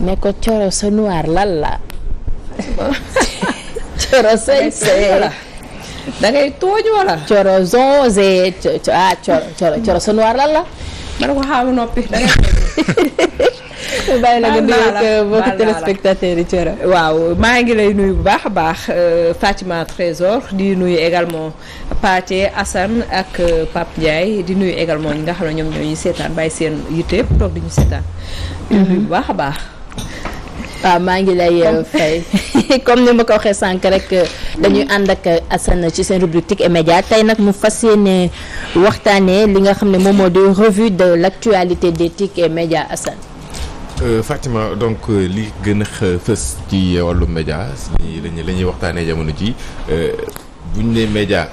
ne ko coro sa noir lan la coro say say da ngay tooñ wala coro zonze ah coro coro sa noir lan la ma ko xaaru noppi da ngay bàyyi la nga nuyu mbokki téléspectateurs yi coro waaw maa ngi lay nuyu bu baax a baax euh, Fatima Trésor di nuyu également Pathé Assane ak euh, Pape Ndiaye di nuyu également ñi nga xam ne ñoom ñoo ñuy seetaan bàyyi seen yitte toog di ñu seetaan di nuyu bu baax a baax waaw ah, maa ngi lay euh, fay comme ni ma ko waxee sànq rek euh, dañuy ànd ak euh, Assane ci seen rubrique Tic et Média tey nag mu fas yéene waxtaanee li nga xam ne moom moo di revue de l'actualité des Tic et Média Assane. Fatima donc li gën a fës ci wàllu media si lañuy waxtaanee jamono ji bu ñu nee média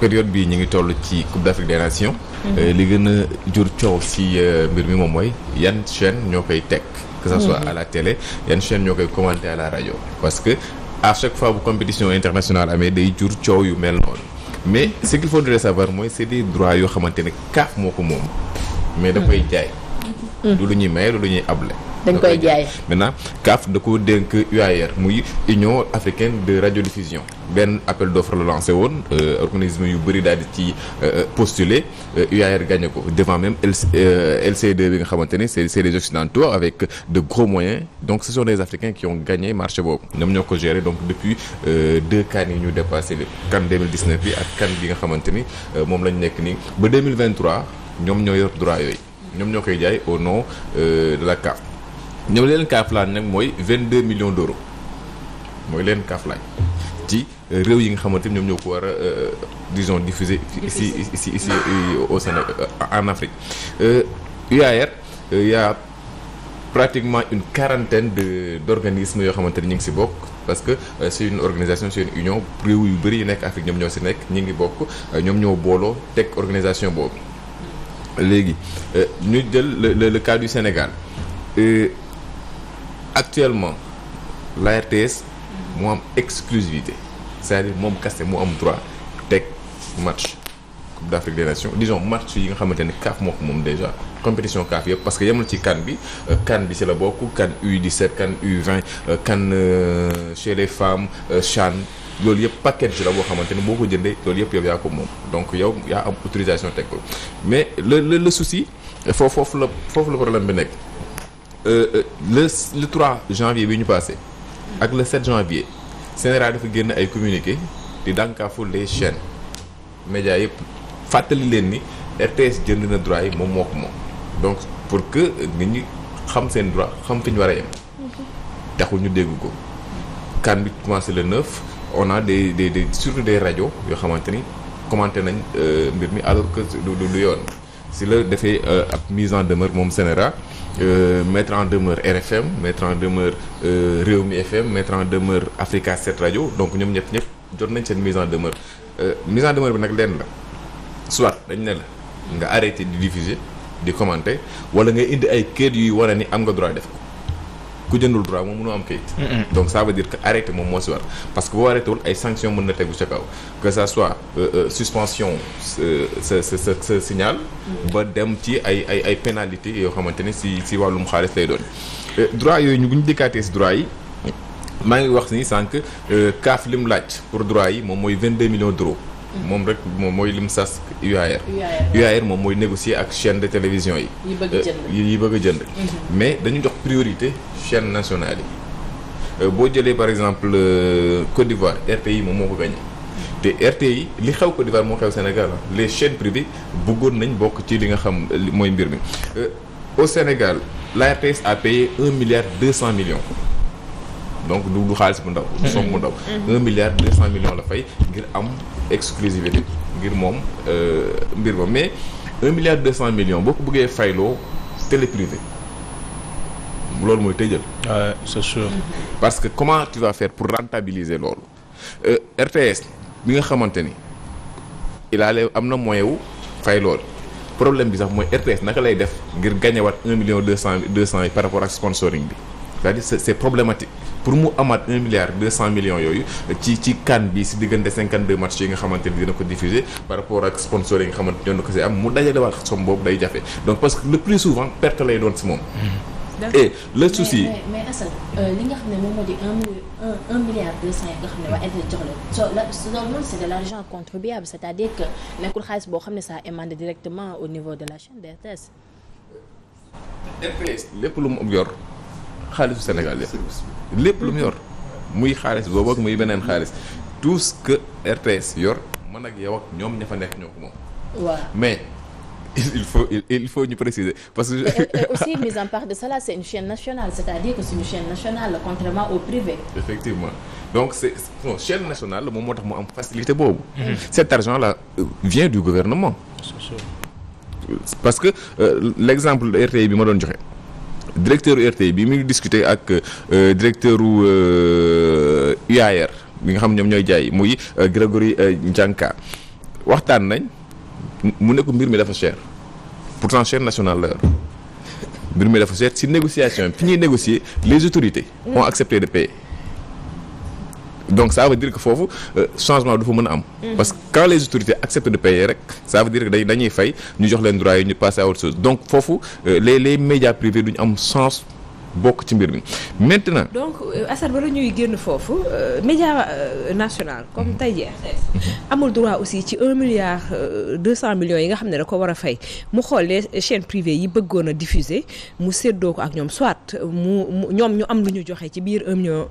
période bi ñu ngi toll ci Coupe d'Afrique des Nations. Mhm. li gën a jur coow si mbir mi moom mooy yan chaîne ñoo koy teg. que ça soit mhm. à la télé yan chaîne ñoo koy commenter à la rajo parce que à chaque fois bu compétition internationale amee day jur coow yu mel noonu mais ce qu'il faudrait savoir mooy c'est des droits yoo xamante ne kaaf moo ko moom mais da koy mhm. jaay mhm. lu ñuy maye du lu ñuy able dañ koy jaay maintenant CAF da ko dénk UAR muy Union africaine de radiodiffusion benn appel d'offre la lancé woon euh, organisme yu bëri daal di ci euh, euh, postuler UAR gagné ko devant même LCD e bi nga xamante ne c'est c'est des occidentaux avec de gros moyens donc ce sont des africains qui ont gagné marché boobu ñoom ñoo ko géré donc depuis deux CAN yi ñu dépassé lépp CAN 2019 bi ak kan bi nga xamante ni moom lañ nekk nii ba 2023 ñoom ñoo yor droit yooyu ñoom ñoo koy jaay au nom de ñoom leen kaaflaan nag mooy 22 millions d'euros mooy leen kaaflaan ci réew yi nga xamante ni ñoom ñoo ko war a euh, disons diffuser ici ici ici euh, au Sénégal euh, en Afrique UAR y pratiquement une quarantaine de d'organismes yoo xamante ni ñu ngi si bokk parce que su une organisation c'est une union réew yu bëri yu nekk Afrique ñoom ñoo si nekk ñu ngi bokk ñoom ñoo booloo teg organisation boobu léegi ñu jël le le cas du Sénégal. actuellement la RTS moo am exclusivité cest dire moom kase moo am droit teg match Coupe d'Afrique des Nations disons match yi nga xamante ne CAF moo ko moom déjà compétition CAF yëpp parce que yemul ci CAN bi euh, CAN bi ci la bokk CAN U17 CAN U20 euh, CAN euh, chez femmes CHAN loolu yëpp paquet ci la boo xamante ne boo ko jëndee loolu yëpp yow yaa ko moom donc yow yaa am autorisation teg ko mais le le le souci foofu foofu la foofu la problème bi nekk. Euh, euh, le le 3 janvier bi ñu passé ak le 7 janvier Sénégal dafa génn ay communiqué di dànkaafu les chaînes médias yëpp fàttali leen ni RTS jënd na droit yi moom moo ko moom donc pour que nit ñi xam seen droit xam fi war a yem taxul ñu dégg ko kan bi commencé le 9 on a des des des surtout des rajo yoo xamante ni commenté nañ euh, mbir mi alors que du du yoon si la defee ak mise en demeure moom Sénégal Euh, mettre en demeure RFM mettre en réew euh, mi FM mettre en demeure Africa 7 radio donc ñoom ñëpp ñëpp jot nañ seen mise en demeure euh, mise en demeure bi nag lenn la soit dañ ne la nga arrêté di diffuser di commenter wala nga indi ay kër yuy wane ni am nga droit def ko. ku jëndul droit moom mënoo am kayit donc ça veut dire que arrêté moom moo si war parce que boo arrêté ay sanction mën na tegu ca kaw que ça soit euh, euh, suspension sa sa sa sa signal mm-hmm. ba dem ci ay ay ay pénalité yoo xamante ni si si wàllum xaalis lay doon euh, droit yooyu ñu bu ñu dikkaatee si droit yi maa ngi wax ni sànq kaaf li mu laaj pour droit yi moom mooy 22 millions d'euros moom rek moom mooy lim sas UAR. UAR moom mooy négocier ak chaîne de télévision yi. yi bëgg euh, jënd bëgg a jënd. Mhm. mais dañu jox priorité chaîne nationale yi euh, boo jëlee par exemple euh, Côte d'Ivoire yi moom moo ko gagné. Mhm. te RTI li xew Côte d'Ivoire moo xew Sénégal les chaînes privées bëggoon nañ bokk ci li nga xam mooy mbir mi. au Sénégal la RTS a payé un milliard deux cent millions. donc du du xaalis bu ndaw. du somme bu ndaw. Mhm. un milliard deux la fay ngir am. exclusivité ngir moom euh, mbir ma mais un milliard cent millions boo ko bëggee fayloo télé loolu mooy tëjal. waaw c'est mm-hmm. parce que comment tu vas pour rentabiliser loolu euh, RTS bi nga xamante ni il am na moyen wu fay loolu problème bi sax mooy RTS naka lay def ngir gagné waat un million deux cent deux cent yi par rapport ak sponsoring bi. cest à pour mu amaat un milliard deux cent millions yooyu ci ci CAN bi si diggante cinquante deux matchs yi nga xamante ni dina ko diffuser par rapport ak sponsor yi nga xamante ñoo ko si am mu dajalewaat somme boobu day jafe donc parce que le plus souvent perte lay doon si moom. et le souci mais mais Assane euh, li nga xam ne moom moo di un milliard deux cent nga xam ne waa Edna contribuable c'est-à-dire que nekkul xaalis boo xam ne ça émane directement au niveau de la chaîne de euh, lu mu yor. xaalisu Sénégal yëpp lépp lu mu yor muy xaalis boobu ak muy beneen xaalis tout que RTS yor man ak yow ñoom ña fa nekk ñoo ko moom. waaw mais il faut il faut ñu préciser parce que. et, aussi mise en part de cela c'est une chaîne nationale c'est-à-dire que c'est une chaîne nationale contrairement au privé. effectivement donc c'est non nationale moom moo tax mu am facilité boobu. Mm-hmm. cet argent là euh, vient du gouvernement. parce que euh, l'exemple RTI bi ma doon joxe. directeur RTI bi muy discuter ak euh, directeur UAR euh, bi nga xam ñoom ñooy jaay muy euh, Grégory Ndianka waxtaan nañ mu nekk mbir mi dafa cher pourtant chaîne nationale la mbir mi dafa cher si négociation fi ñuy négocier les autorités ont accepté de payer donc ça veut dire que foofu euh, changement du fa mën a am. Mhm. parce que quand les autorités acceptent de payer rek ça veut dire que dañuy fay ñu jox leen droit yi ñu passer à autre chose donc foofu euh, les les médias privés duñu am chance. bokk ci mbir mi maintenant. donc euh, Assane wala ñuy génn foofu euh, média euh, national comme mhm. tey jii amul droit aussi ci un milliard deux cent millions yi nga xam ne da ko war a fay mu xool les chaînes privées yi bëggoon a diffuser mu séddoo ko ak ñoom soit mu ñoom ñu am lu ñu joxe ci biir un million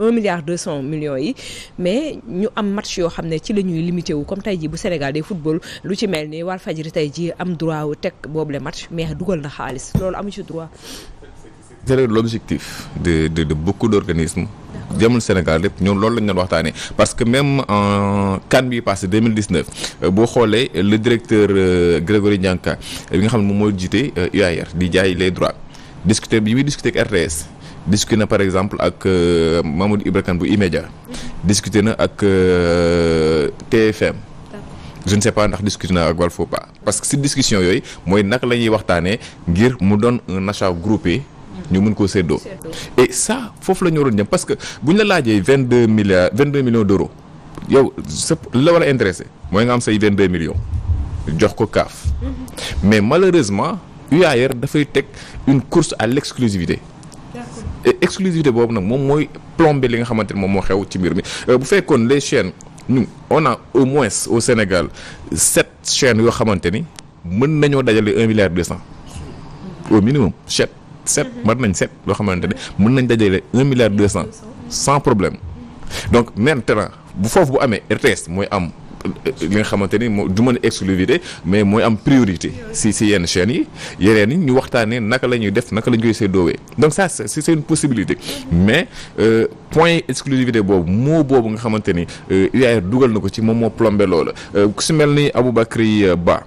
un milliard deux cent millions yi mais ñu am match yoo xam ne ci la ñuy limité wu comme tey jii bu Sénégal day football lu ci mel ni Walfadjri tey jii am droit wu teg boobu le match mais dugal na xaalis loolu amu ci c'était l'objectif de, de, de beaucoup d'organismes Sénégal lépp ñoom loolu lañ doon waxtaanee parce que même en CAN bi passé 2019 euh, boo xoolee le directeur euh, Grégory Ndianka euh, bi nga xam ne moom moo jiite UAR di jaay les droits discuter bi muy discuter ak RTS discuter na par exemple ak Mamadou Ibra Kane bu Imedia mhm. discuter na ak TFM je ne sais pas ndax discuter na ak Walf ou parce que si discussion yooyu mooy naka la ñuy waxtaanee ngir mu doon un achat groupé ñu mën koo séddoo et ça foofu la ñu waroon jëm parce que bu ñu la laajee vingt deux milliards vingt deux millions d' euros yow sa la war mooy nga am say vingt deux millions jox ko kaaf mm-hmm. mais malheureusement UAR dafay teg une course à l' exclusivité boobu nag moom mooy plombé li nga xamante ne moom moo xew ci mbir mi euh, bu fekkoon les chaînes ñu on au moins au Sénégal sept chaînes yoo xamante ni mën nañoo dajale un milliard deux cent mm-hmm. au minimum set man nañ set loo xamante ne mun nañ dajale un milliard deux cent sans problème donc maintenant bu foofu bu amee RTS mooy am euh, li nga xamante ni moo du mën exclusivité mais mooy am priorité si si yenn chaînes yi yeneen yi ñu waxtaanee naka la ñuy def naka la ñu see séddoowee donc ça si seen possibilité mais euh, point exclusivité boobu moo boobu nga xamante ni UAR euh, dugal na ko ci moom moo plombé loola euh, ku si mel ni Aboubacry Ba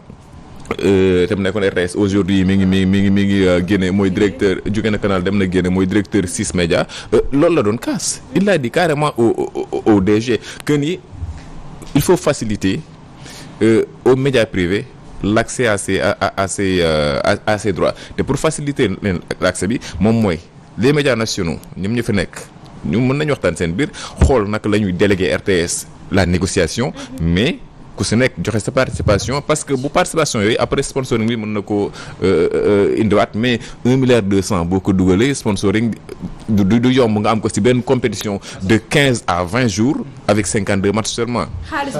dem euh, tam nekkoon RTS aujourd'hui mi ngi mi mi ngi mi ngi euh, génne mooy directeur jóge na canal dem na génne mooy directeur Six Média euh, loolu la doon kaas il a dit carrément au au DG que ni il faut faciliter au média privés l'accès à ces à ces a ces droits te pour faciliter leen l'accès bi moom mooy les médias nationaux ñoom ñu fi nekk ñu mun nañu waxtaan seen biir xool nag la ñuy déléguer RTS la négociation mm-hmm. mais ku si nekk joxe sa participation parce que bu participation yooyu après sponsoring bi mën na ko euh, euh, indiwaat mais un milliard deux cent boo ko dugalee sponsoring du du yomb nga am ko si benn compétition de quinze à vingt jours avec cinquante deux matchs seulement. xaalis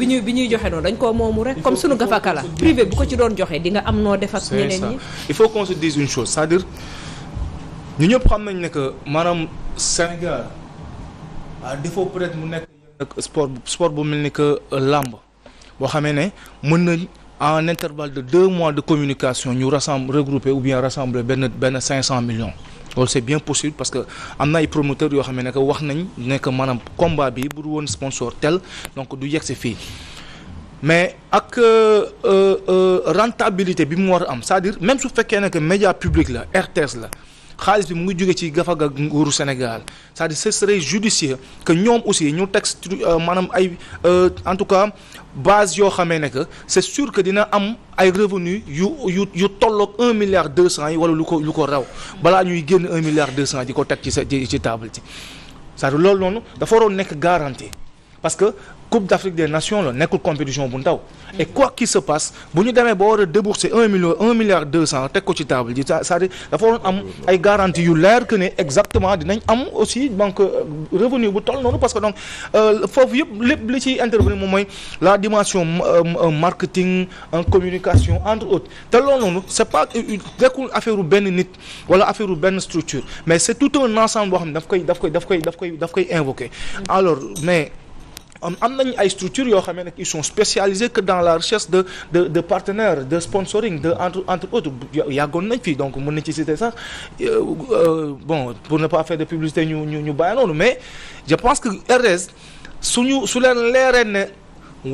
bi ñuy joxe noonu dañ koo moomu rek comme sunu gafaka la privé bu ko ci doon joxe di am noo def ak ñeneen ñi. il faut ñu ñëpp xam nañ ne que maanaam Sénégal à défaut peut-être mu nekk sport sport bu mel ni que làmb boo xamee ne mën nañ en intervalle de deux mois de communication ñu rassemble regrouper ou bien rassembler benn benn cinq cent millions loolu c'est bien possible parce que am na ay promoteurs yoo xam ne que wax nañ nekk que maanaam combat bi bu woon sponsor tel donc du yegsi fii mais ak euh, euh, euh, rentabilité bi mu war a am cest dire même su fekkee ne que média public la RTS la xaalis bi mu ngi jóge ci gafaga nguuru Sénégal c'est-à-dire ce serait que ñoom aussi ñu teg euh, maanaam ay euh, en tout cas base yoo xamee ne que c'est sûr que dina am ay revenus yu yu yu tolloog un milliard deux cent yi wala lu ko lu ko raw balaa ñuy génn un milliard deux cent di ko teg ci sa ci table ci cest à loolu noonu dafa waroon nekk garantie parce que Coupe d'Afrique des Nations la nekkul compétition bu ndaw. et quoi qu'il se passe bu ñu demee ba war a débourser un million un milliard deux cent teg ko ci table ji c'est-à-dire am ay garantie yu leer que ne exactement dinañ am aussi donc euh, revenu bu toll noonu parce que donc euh, foofu yëpp lépp li ciy intervenir moom mooy la dimension euh, marketing en communication entre autres te loolu noonu c'est pas nekkul affaire benn nit wala affaire benn structure mais c'est tout un ensemble boo xam ne daf koy daf koy daf koy daf koy daf koy invoqué alors mais am am nañ ay structures yoo xam ne nag ils sont spécialisés que dans la recherche de de de partenaires de sponsoring de entre entre autres yàggoon nañ fi donc mën na ci citer sax euh, euh, bon pour ne pas faire de publicité ñu ñu ñu bàyyi mais je pense que su ñu su leen leeree ne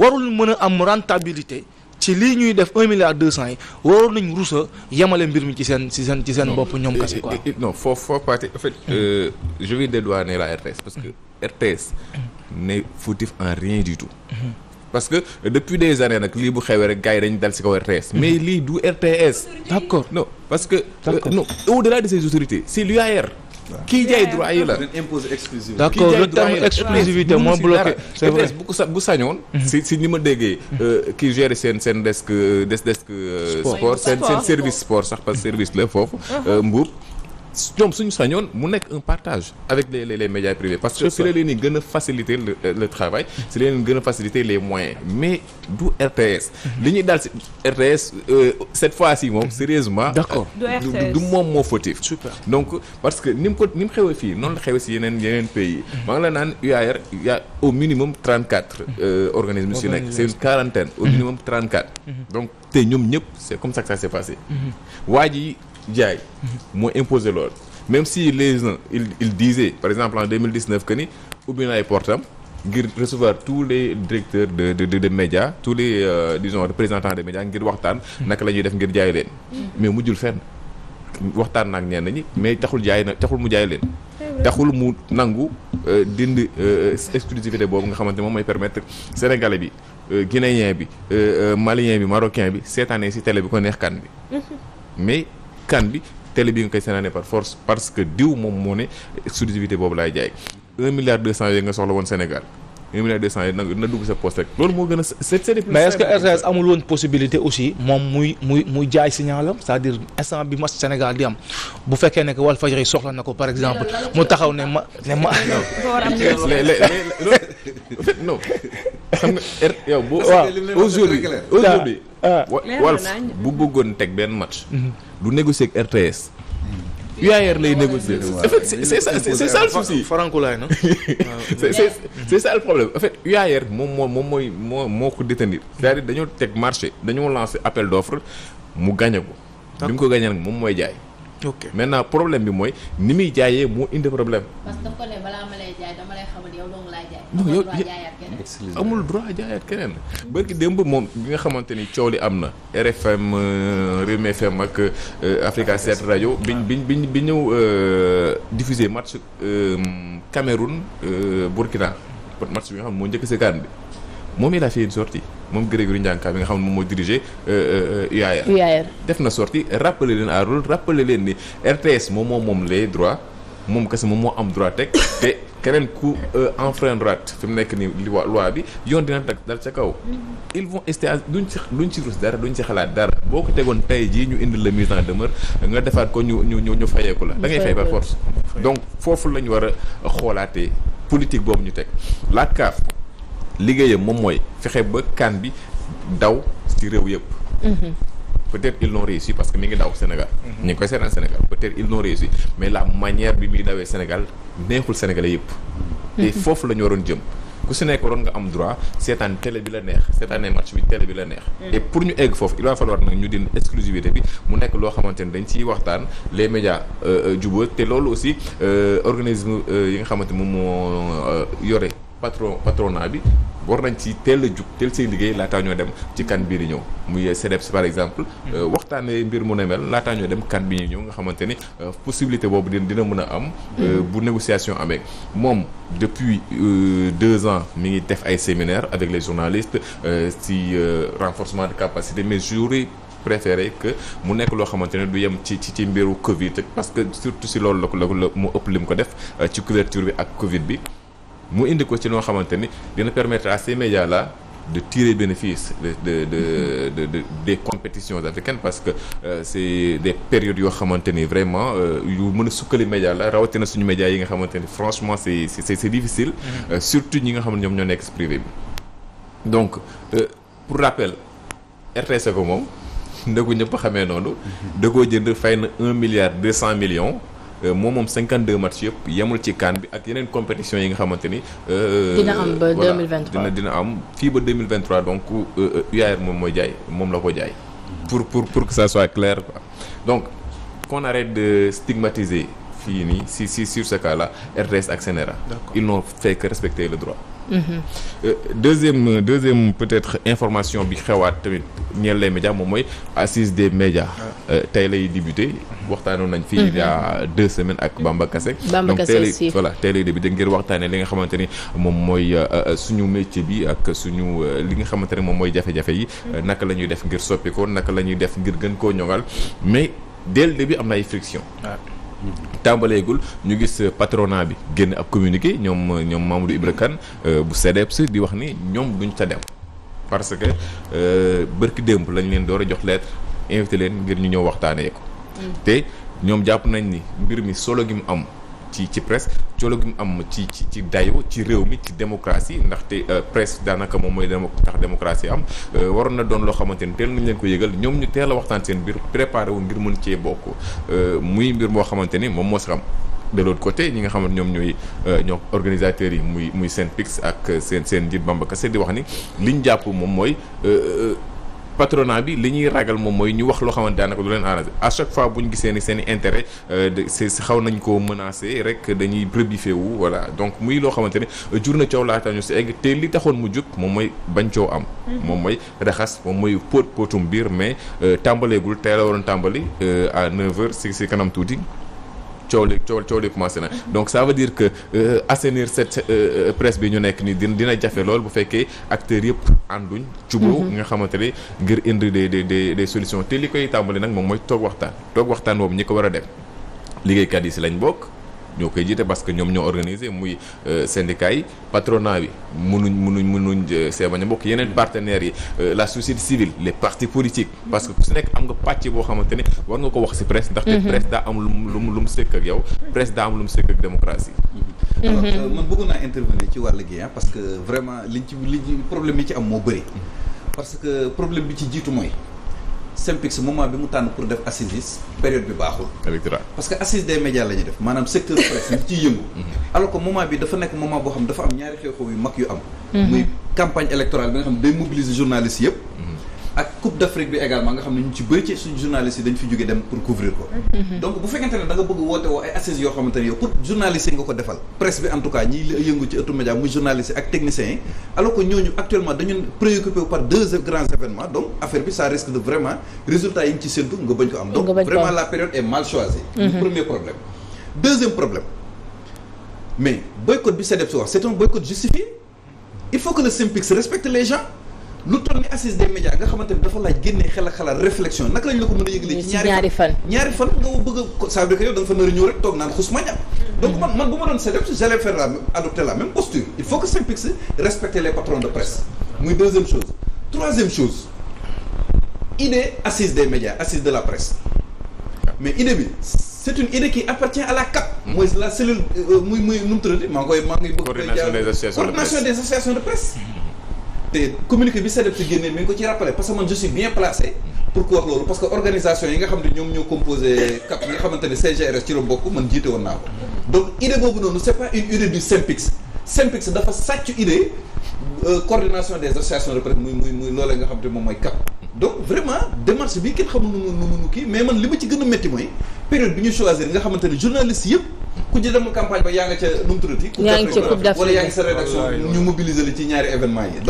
warul mën a am rentabilité. ci lii ñuy def un milliard deux cent yi waroon nañ rusa yemale mbir mi ci seen ci ci seen bopp ñoom kese quoi non foofu foofu parti en fait mm. euh, je vais dédouaner la RTS parce que mm. RTS n'est fautif en rien du tout. parce que depuis des années nag lii bu xewee rek gars yi dañ dal ci kaw RTS. mais lii du RTS. d'accord non parce que. Euh, non au-delà de ces autorités c'est l'UAR. kii jaay droit yi la d'accord le terme exclusivité moo bloqué c'est vrai bu sa bu sañoon mm-hmm. si si ni ma déggee mm-hmm. euh, kii gère seen seen desk euh, des desk euh, sport seen seen service sport sax parce service la foofu mm-hmm. mbuub ñoom sa sañoon mu nekk un partage avec les les les médias privés parce que si la leen di gën a faciliter le le travail si la leen gën a faciliter les moyens mais du RTS mhm. li ñuy daal si RTS euh, cette fois-ci moom mhm. sérieusement d'accord euh, du moom moo fautif donc parce que ni mu ko ni mu xewee fii noonu la xewee si yeneen yeneen pays yi mhm. la naan UAR il y a au minimum trente quatre euh, organismes si nekk c'est une quarantaine au minimum trente quatre donc te ñoom ñëpp c'est jaay moo imposé lool même si les uns ils ils disaient par exemple en 2019 que ni ubbi na ay portam ngir recevoir tous les directeurs de de média de médias tous les euh, disons représentants de médias ngir waxtaan naka la ñuy def ngir jaay leen mais mujjul fenn waxtaan naak ñenn ñi mais taxul jaay na taxul mu jaay leen taxul mu nangu euh, dindi euh, exclusivité boobu nga xamante moom mooy permettre sénégalais bi euh, guinéen bi malien bi marocain bi seetaane si télé bi ko neex kan bi mais kan bi télé bi nga koy seetaanee par force parce que diw moom moo ne exclusivité boobu laay jaay 1 milliard 200 yooyu nga soxla woon Sénégal 1 milliard 200 yooyu nag na dugg sa poste rek loolu moo gën a c'est c'est mais est-ce que aussi moom muy muy muy jaay signalam c'est-à-dire instant bi match Sénégal di am bu fekkee ne que Walfadjri soxla na ko par exemple mu taxaw ne ma ne ma. non xam nga R yow boo. waaw aujourd'hui aujourd'hui ah, ah. Walf bu bëggoon teg benn match. Mhm. du négocier ak RTS. UAR lay négocier en fait c'est ça c'est ça le souci farankulaay na c'est c'est ça le problème en fait UAR moom moo moom mooy moo moo ko détenir c'est-à-dire dañoo teg marché dañoo lancé appel d'offre mu gagné ko bi mu ko gagné nag moom mooy jaay ok maintenant problème bi mooy ni muy jaayee moo indi problème parce que balaa ma lay jaay dama lay xam amul droit jaayaat keneen bërki démb moom bi nga xamante ni coow li am na RFM euh, Rewmi FM ak euh, Africa 7 rajo bi ah. biñ biñ bi ñëw euh, diffusé match Cameroun Burkina match bi nga xam moo njëkk si kaan bi moom il a fait une sortie moom Grégory Ndianka bi nga xam ne moom moo dirigé UAR def na sortie rappeler leen à rôle leen ni RTS moom moom moom moom kese moom moo am droit teg te keneen ku euh, enfreindre droit fi mu nekk nii loi bi yoon dina teg dal ca kaw ils vont rester duñ ci duñ ci rus dara duñ ci xalaat dara boo ko tegoon tey jii ñu indi la mise en demeure nga defaat ko ñu ñu ñu fayeeku la da ngay fay par force donc foofu la ñu war a xoolaatee politique boobu ñu teg la CAF liggéeyam moom mooy fexe ba kaan bi daw ci réew yëpp mm-hmm. peut-être ils l'ont réussi parce que mi ngi daw Sénégal. Mhm. ñu ngi koy seetaan Sénégal peut-être ils l'ont réussi mais la manière bi muy dawee Sénégal neexul Sénégalais yëpp. Mhm. te foofu la ñu waroon jëm. ku si nekk nga am droit seetaan télé bi la neex seetaanee match bi télé bi la neex. Mhm. et pour ñu egg foofu il va falloir nag ñu din exclusivité bi mu nekk loo xamante ni dañ ciy waxtaan les médias euh, euh, jubóo te loolu aussi euh, organisme yi nga xamante moom mu yore. patron patronat bi war nañ ci tel a jug tel seen liggéey laataa ñoo dem ci kan bii di ñëw muy CDEPS par exemple. Hmm. Euh, waxtaanee mbir mu ne mel laataa ñoo dem kan bi ñuy ñëw nga xamante ni euh, possibilité boobu dina dina mën a am. Hmm. Euh, bu négociation amee moom depuis deux ans mi ngi def ay séminaires avec les journalistes ci renforcement de capacité mais j'aurais préféré que mu nekk loo xamante ne du yem ci ci ci mbiru Covid parce que surtout si loolu la ko la mu ëpp lim ko def ci couverture bi ak Covid bi. mu indi ko ci loo xamante ni dina permettre à ces médias là de tirer bénéfice de de de, de, de des compétitions africaines parce que euh, c'est des périodes yoo xamante ni vraiment euh, yu mën a sukkali média la rawatina suñu média yi nga xamante ni franchement c'est c'est c'est difficile. Mm-hmm. Euh, surtout ñi nga xam ne ñoom ñoo nekk privé bi. donc euh, pour rappel RTS ko moom ndëgu ñëpp xamee noonu. Mm-hmm. da koo jënd fay na un milliard deux cent millions. moo euh, moom cinquante de match yëpp yemul ci CAN bi ak yeneen compétition yi nga xamante ni. Euh, dina am dina am fii ba 2023 donc UAR euh, moom mooy jaay moom la ko jaay. pour pour pour que ça soit clair quoi donc qu'on arrête de stigmatiser fii nii si si sur ce cas là RTS ak CNRA. ils n'ont fait que le droit. Euh, deuxième euh, deuxième peut-être information bi xewaat tamit ñeel les médias moom mooy assise des médias euh, tey lay débuté waxtaanoon nañ fii il y a mhm. deux semaines ak Bamba kase donc tey lay voilà tey lay débuté ngir waxtaanee li nga xamante ni moom mooy suñu métier bi ak suñu li nga xamante ne moom mooy jafe-jafe yi mhm. naka la ñuy def ngir soppi naka la ñuy def ngir gën koo ñoŋal mais dès bi am na ay friction tàmbaleegul ñu gis euh, patronat bi génn ab communiqué ñoom ñoom Mamadou Ibra Kane euh, bu CDEPS di wax ni ñoom duñ ca dem parce que euh, bërki démb lañ leen door a jox lettre invité leen ngir ñu ñëw waxtaanee ko mm. te ñoom jàpp nañ ni mbir mi solo gi mu am ci ci presque colo gi mu am ci ci ci dayo ci réew mi ci démocratie ndaxte euh, presse daanaka moom mooy dama tax démocratie am euh, waroon na doon loo xamante ni teel nañ leen ko yëgal ñoom ñu teel a waxtaan seen biir préparé wu ngir mën cee bokk euh, muy mbir moo xamante ni moom moo si xam de l'autre côté ñi nga xamante ñoom ñooy ñoo organisateurs yi muy muy seen pix ak seen seen njiit Bamba Kassé di wax ni liñ jàpp moom mooy patronat bi li ñuy ragal moom mooy ñu wax loo xamante daanaka du leen arrangé à chaque fois bu ñu gisee ni seen i si xaw nañ ko menacé rek dañuy rebifé wu wala donc muy loo xamante ne euh, jur na coow laata ñu si egg te li taxoon mu jug moom mooy bañ coow am. Mm-hmm. moom mooy raxas moom mooy póot póotum biir mais euh, tàmbaleegul tey la waroon tàmbali euh, à 9h si si kanam tuuti. coow li coow coow li commencé na donc ça veut dire que euh, assainir cette euh, euh, presse bi ñu nekk nii dina dina jafe lool bu fekkee acteurs yëpp ànduñ juboo mhm. nga xamante ne ngir indi des des des solution te li koy tàmbali nag moom mooy toog waxtaan toog waxtaan boobu ñi ko war a dem liggéeykat yi si lañ bokk ñoo koy jiite parce que ñoom ñoo organisé muy euh, syndicat yi patronat bi munuñ munuñ munuñ euh, see bañ a bokk yeneen partenaires yi euh, la société civile les parti politiques parce que ku si nekk am nga pàcc boo xamante ne war nga ko wax si presse mhm. ndaxte presse daa am lu mu lu mu sëkk ak yow presse daa am lu mu sëkk ak démocratie mhm. alors man bëggoon naa intervenir ci wàll gi parce que vraiment liñ ci liñ problème yi ci am moo bëri mhm. parce que problème bi ci jiitu mooy Synpics moment bi mu tànn pour def assise période bi baaxul. parce que assise des médias la def maanaam secteur presse ñu ciy yëngu. Mhm. alors que bi dafa nekk moment boo xam dafa am ñaari xew-xew yu mag yu am. Mhm. muy campagne électorale bi nga xam day mobiliser journalistes ak Coupe d'Afrique bi également nga xam ne ñu ci bëri suñu journaliste yi dañ fi jóge dem pour couvrir ko donc bu fekkente ne da bëgg woote woo ay assises yoo xamante ne pour journaliste yi nga ko defal presse bi en tout cas ñi yëngu ci ëttu média muy journaliste yi ak techniciens yi alors que ñooñu actuellement dañu préoccupé par deux grands événements donc affaire bi ça risque de vraiment résultat yi nga ci séntu nga bañ ko am donc lu toll ni assise des médias nga xamante ni dafa laaj génne xel ak xalaat réflexion naka lañ la ko mën a yëgalee ci ñaari fan ñaari fan nga bëgg a ça yow da fa nar a rek toog naan xus ma ñam donc man bu ma doon célèbre j'allais faire la adopter la même posture il faut que Synpics respecter les patrons de presse muy deuxième chose troisième chose idée assise des médias assise de la presse mais idée bi c'est une idée qui appartient à la CAP mooy la cellule euh, euh, te communiqué bi CDEPS génnee mi ngi ko ci rappelé parce que organisation yi nga xam ne ñoom ñoo composé CAP yi nga xamante ne CGRS ci la bokk man jiite woon naa ko donc idée boobu noonu c'est pas une idée du SYNPICS SYNPICS dafa sàcc idée euh, coordination des associations de presse muy muy muy nga xam te moom mooy CAP donc vraiment démarche bi kenn xamul nu nu mu mais man li ma ci gën a mooy période bi ñu choisir nga xamante ne ci dem campagne ba yaa nga ca nu mu tuddati. yaa ngi ca ci ñaari événement yi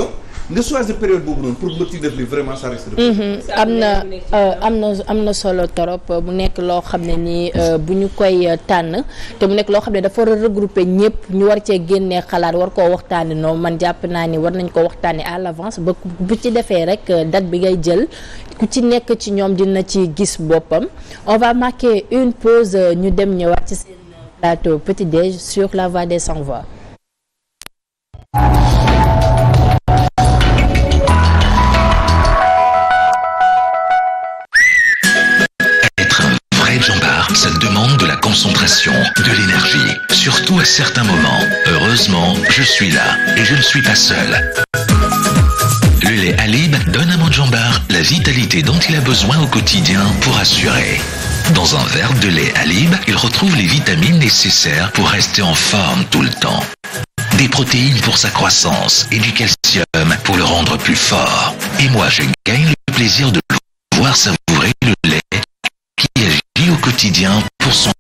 nga choisir période boobu noonu pour bëgg ci def li vraiment ça risque de. Mhm. am na euh, am na am na solo torop mu euh, nekk loo xam ne nii euh, bu ñu koy tànn te mu nekk loo xam ne dafa war regrouper ñëpp ñu war cee génnee xalaat war koo waxtaanee noonu man jàpp naa ni war nañ ko waxtaanee à l'avance ba bu ci defee rek date bi ngay jël ku ci nekk ci ñoom dina ci gis boppam on va marquer une pause ñu dem ñëwaat ci seen plateau petit déj sur la voie des sans voix. concentration, de l'énergie, surtout à certains moments. Heureusement, je suis là et je ne suis pas seul. Le lait Alib donne à mon jambar la vitalité dont il a besoin au quotidien pour assurer. Dans un verre de lait Alib, il retrouve les vitamines nécessaires pour rester en forme tout le temps. Des protéines pour sa croissance et du calcium pour le rendre plus fort. Et moi, je gagne le plaisir de voir savourer le lait qui agit au quotidien pour son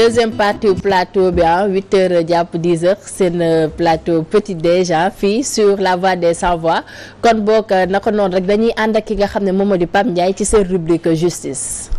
deuxième partie plateau bi ah huit heures euh, jàpp dix heures seen euh, plateau petit déj ah, fii sur la voie des sans voix kon boog euh, naka noonu rek dañuy ànd ak ki nga xam ne moom moo di Pape Ndiaye ci seen rubrique justice.